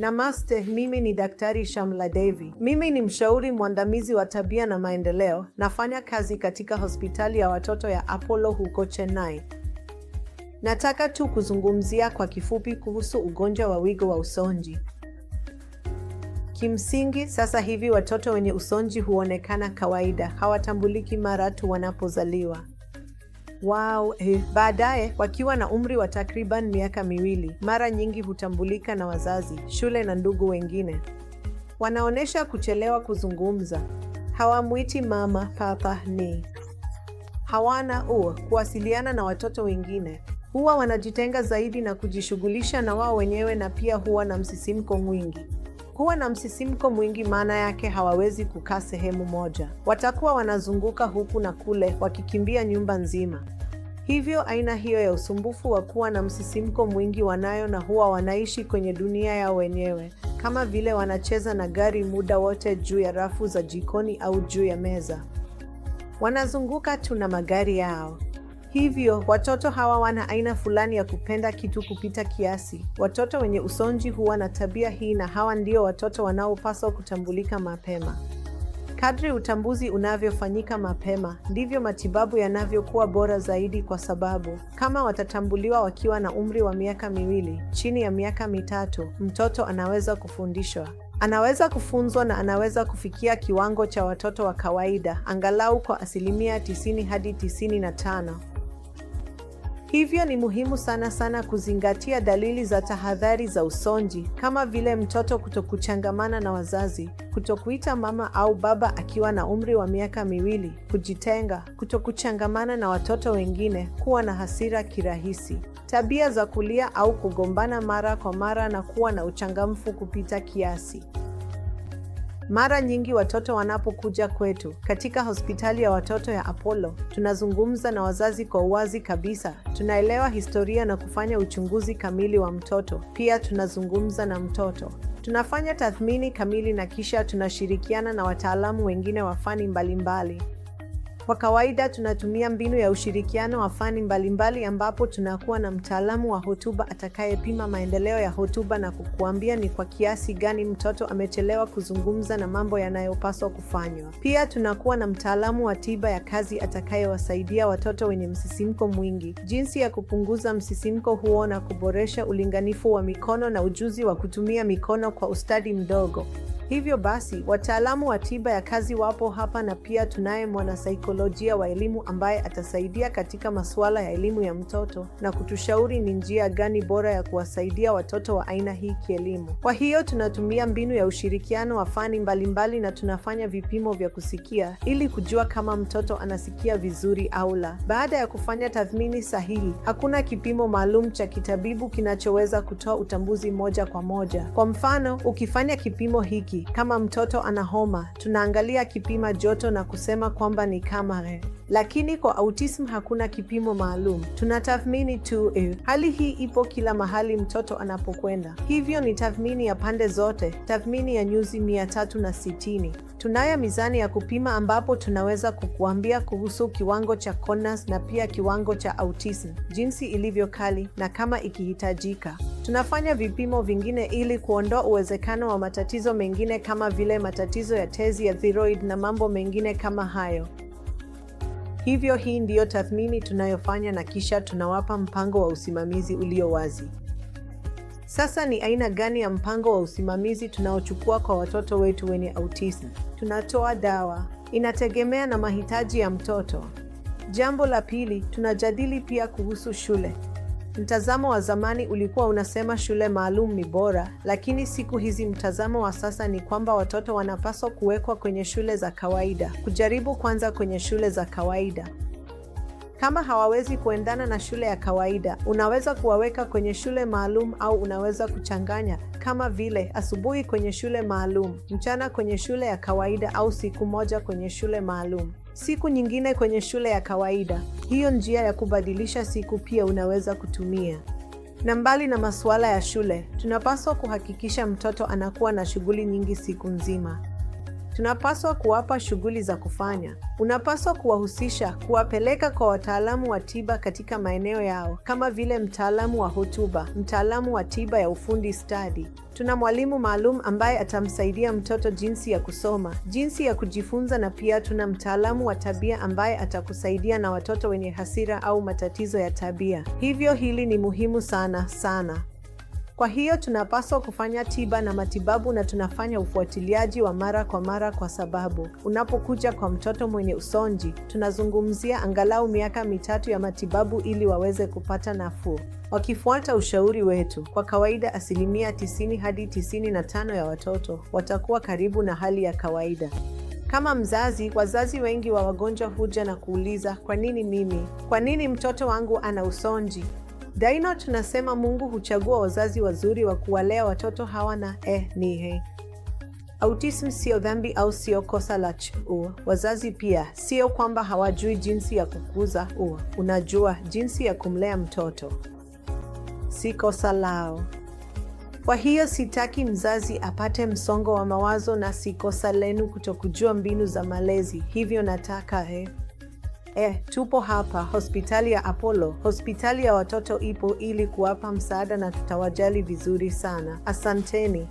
Namaste, mimi ni Daktari Shamla Devi. Mimi ni mshauri mwandamizi wa tabia na maendeleo. Nafanya kazi katika hospitali ya watoto ya Apollo huko Chennai. Nataka tu kuzungumzia kwa kifupi kuhusu ugonjwa wa wigo wa usonji. Kimsingi, sasa hivi watoto wenye usonji huonekana kawaida, hawatambuliki mara tu wanapozaliwa. Wow, eh. Baadaye wakiwa na umri wa takriban miaka miwili, mara nyingi hutambulika na wazazi, shule na ndugu wengine. Wanaonyesha kuchelewa kuzungumza. Hawamwiti mama, papa ni hawana u kuwasiliana na watoto wengine. Huwa wanajitenga zaidi na kujishughulisha na wao wenyewe na pia huwa na msisimko mwingi huwa na msisimko mwingi, maana yake hawawezi kukaa sehemu moja. Watakuwa wanazunguka huku na kule, wakikimbia nyumba nzima. Hivyo aina hiyo ya usumbufu wa kuwa na msisimko mwingi wanayo, na huwa wanaishi kwenye dunia yao wenyewe, kama vile wanacheza na gari muda wote, juu ya rafu za jikoni au juu ya meza. Wanazunguka tu na magari yao. Hivyo watoto hawa wana aina fulani ya kupenda kitu kupita kiasi. Watoto wenye usonji huwa na tabia hii, na hawa ndio watoto wanaopaswa kutambulika mapema. Kadri utambuzi unavyofanyika mapema, ndivyo matibabu yanavyokuwa bora zaidi, kwa sababu kama watatambuliwa wakiwa na umri wa miaka miwili, chini ya miaka mitatu, mtoto anaweza kufundishwa, anaweza kufunzwa na anaweza kufikia kiwango cha watoto wa kawaida, angalau kwa asilimia 90 hadi 95. Hivyo ni muhimu sana sana kuzingatia dalili za tahadhari za usonji kama vile mtoto kutokuchangamana na wazazi, kutokuita mama au baba akiwa na umri wa miaka miwili, kujitenga, kutokuchangamana na watoto wengine, kuwa na hasira kirahisi, tabia za kulia au kugombana mara kwa mara na kuwa na uchangamfu kupita kiasi. Mara nyingi watoto wanapokuja kwetu katika hospitali ya watoto ya Apollo, tunazungumza na wazazi kwa uwazi kabisa. Tunaelewa historia na kufanya uchunguzi kamili wa mtoto. Pia tunazungumza na mtoto, tunafanya tathmini kamili na kisha tunashirikiana na wataalamu wengine wa fani mbalimbali. Kwa kawaida tunatumia mbinu ya ushirikiano wa fani mbalimbali ambapo tunakuwa na mtaalamu wa hotuba atakayepima maendeleo ya hotuba na kukuambia ni kwa kiasi gani mtoto amechelewa kuzungumza na mambo yanayopaswa kufanywa. Pia tunakuwa na mtaalamu wa tiba ya kazi atakayewasaidia watoto wenye msisimko mwingi, jinsi ya kupunguza msisimko huo na kuboresha ulinganifu wa mikono na ujuzi wa kutumia mikono kwa ustadi mdogo. Hivyo basi, wataalamu wa tiba ya kazi wapo hapa na pia tunaye mwanasaikolojia wa elimu ambaye atasaidia katika masuala ya elimu ya mtoto na kutushauri ni njia gani bora ya kuwasaidia watoto wa aina hii kielimu. Kwa hiyo tunatumia mbinu ya ushirikiano wa fani mbalimbali na tunafanya vipimo vya kusikia ili kujua kama mtoto anasikia vizuri au la. Baada ya kufanya tathmini sahihi, hakuna kipimo maalum cha kitabibu kinachoweza kutoa utambuzi moja kwa moja. Kwa mfano, ukifanya kipimo hiki kama mtoto ana homa, tunaangalia kipima joto na kusema kwamba ni kamare. Lakini kwa autism hakuna kipimo maalum, tunatathmini tu e. Hali hii ipo kila mahali mtoto anapokwenda, hivyo ni tathmini ya pande zote, tathmini ya nyuzi mia Tunayo mizani ya kupima ambapo tunaweza kukuambia kuhusu kiwango cha CONAS na pia kiwango cha autism, jinsi ilivyo kali na kama ikihitajika. Tunafanya vipimo vingine ili kuondoa uwezekano wa matatizo mengine kama vile matatizo ya tezi ya thyroid na mambo mengine kama hayo. Hivyo hii ndiyo tathmini tunayofanya na kisha tunawapa mpango wa usimamizi ulio wazi. Sasa ni aina gani ya mpango wa usimamizi tunaochukua kwa watoto wetu wenye autism? Tunatoa dawa, inategemea na mahitaji ya mtoto. Jambo la pili, tunajadili pia kuhusu shule. Mtazamo wa zamani ulikuwa unasema shule maalum ni bora, lakini siku hizi mtazamo wa sasa ni kwamba watoto wanapaswa kuwekwa kwenye shule za kawaida. Kujaribu kwanza kwenye shule za kawaida. Kama hawawezi kuendana na shule ya kawaida, unaweza kuwaweka kwenye shule maalum au unaweza kuchanganya, kama vile asubuhi kwenye shule maalum, mchana kwenye shule ya kawaida, au siku moja kwenye shule maalum, siku nyingine kwenye shule ya kawaida. Hiyo njia ya kubadilisha siku pia unaweza kutumia. Na mbali na masuala ya shule, tunapaswa kuhakikisha mtoto anakuwa na shughuli nyingi siku nzima tunapaswa kuwapa shughuli za kufanya. Unapaswa kuwahusisha, kuwapeleka kwa wataalamu wa tiba katika maeneo yao, kama vile mtaalamu wa hotuba, mtaalamu wa tiba ya ufundi stadi. Tuna mwalimu maalum ambaye atamsaidia mtoto jinsi ya kusoma, jinsi ya kujifunza, na pia tuna mtaalamu wa tabia ambaye atakusaidia na watoto wenye hasira au matatizo ya tabia. Hivyo hili ni muhimu sana sana. Kwa hiyo tunapaswa kufanya tiba na matibabu na tunafanya ufuatiliaji wa mara kwa mara, kwa sababu unapokuja kwa mtoto mwenye usonji, tunazungumzia angalau miaka mitatu ya matibabu ili waweze kupata nafuu wakifuata ushauri wetu. Kwa kawaida, asilimia 90 hadi 95 ya watoto watakuwa karibu na hali ya kawaida. Kama mzazi, wazazi wengi wa wagonjwa huja na kuuliza, kwa nini mimi? Kwa nini mtoto wangu ana usonji? Daino tunasema Mungu huchagua wazazi wazuri wa kuwalea watoto hawa na eh, ni he. Autism sio dhambi au sio kosa la chuo. Wazazi pia sio kwamba hawajui jinsi ya kukuza uo, unajua jinsi ya kumlea mtoto si kosa lao. Kwa hiyo sitaki mzazi apate msongo wa mawazo, na si kosa lenu kutokujua mbinu za malezi. Hivyo nataka he eh. Eh, tupo hapa hospitali ya Apollo, hospitali ya watoto ipo ili kuwapa msaada na tutawajali vizuri sana. Asanteni.